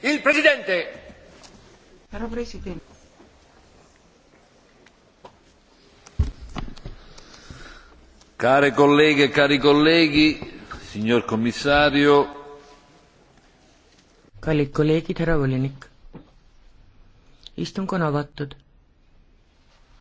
Il Presidente! Härra president. Care colleghe e cari colleghi, signor commissario. kallid kolleegid, härra volinik. istung on avatud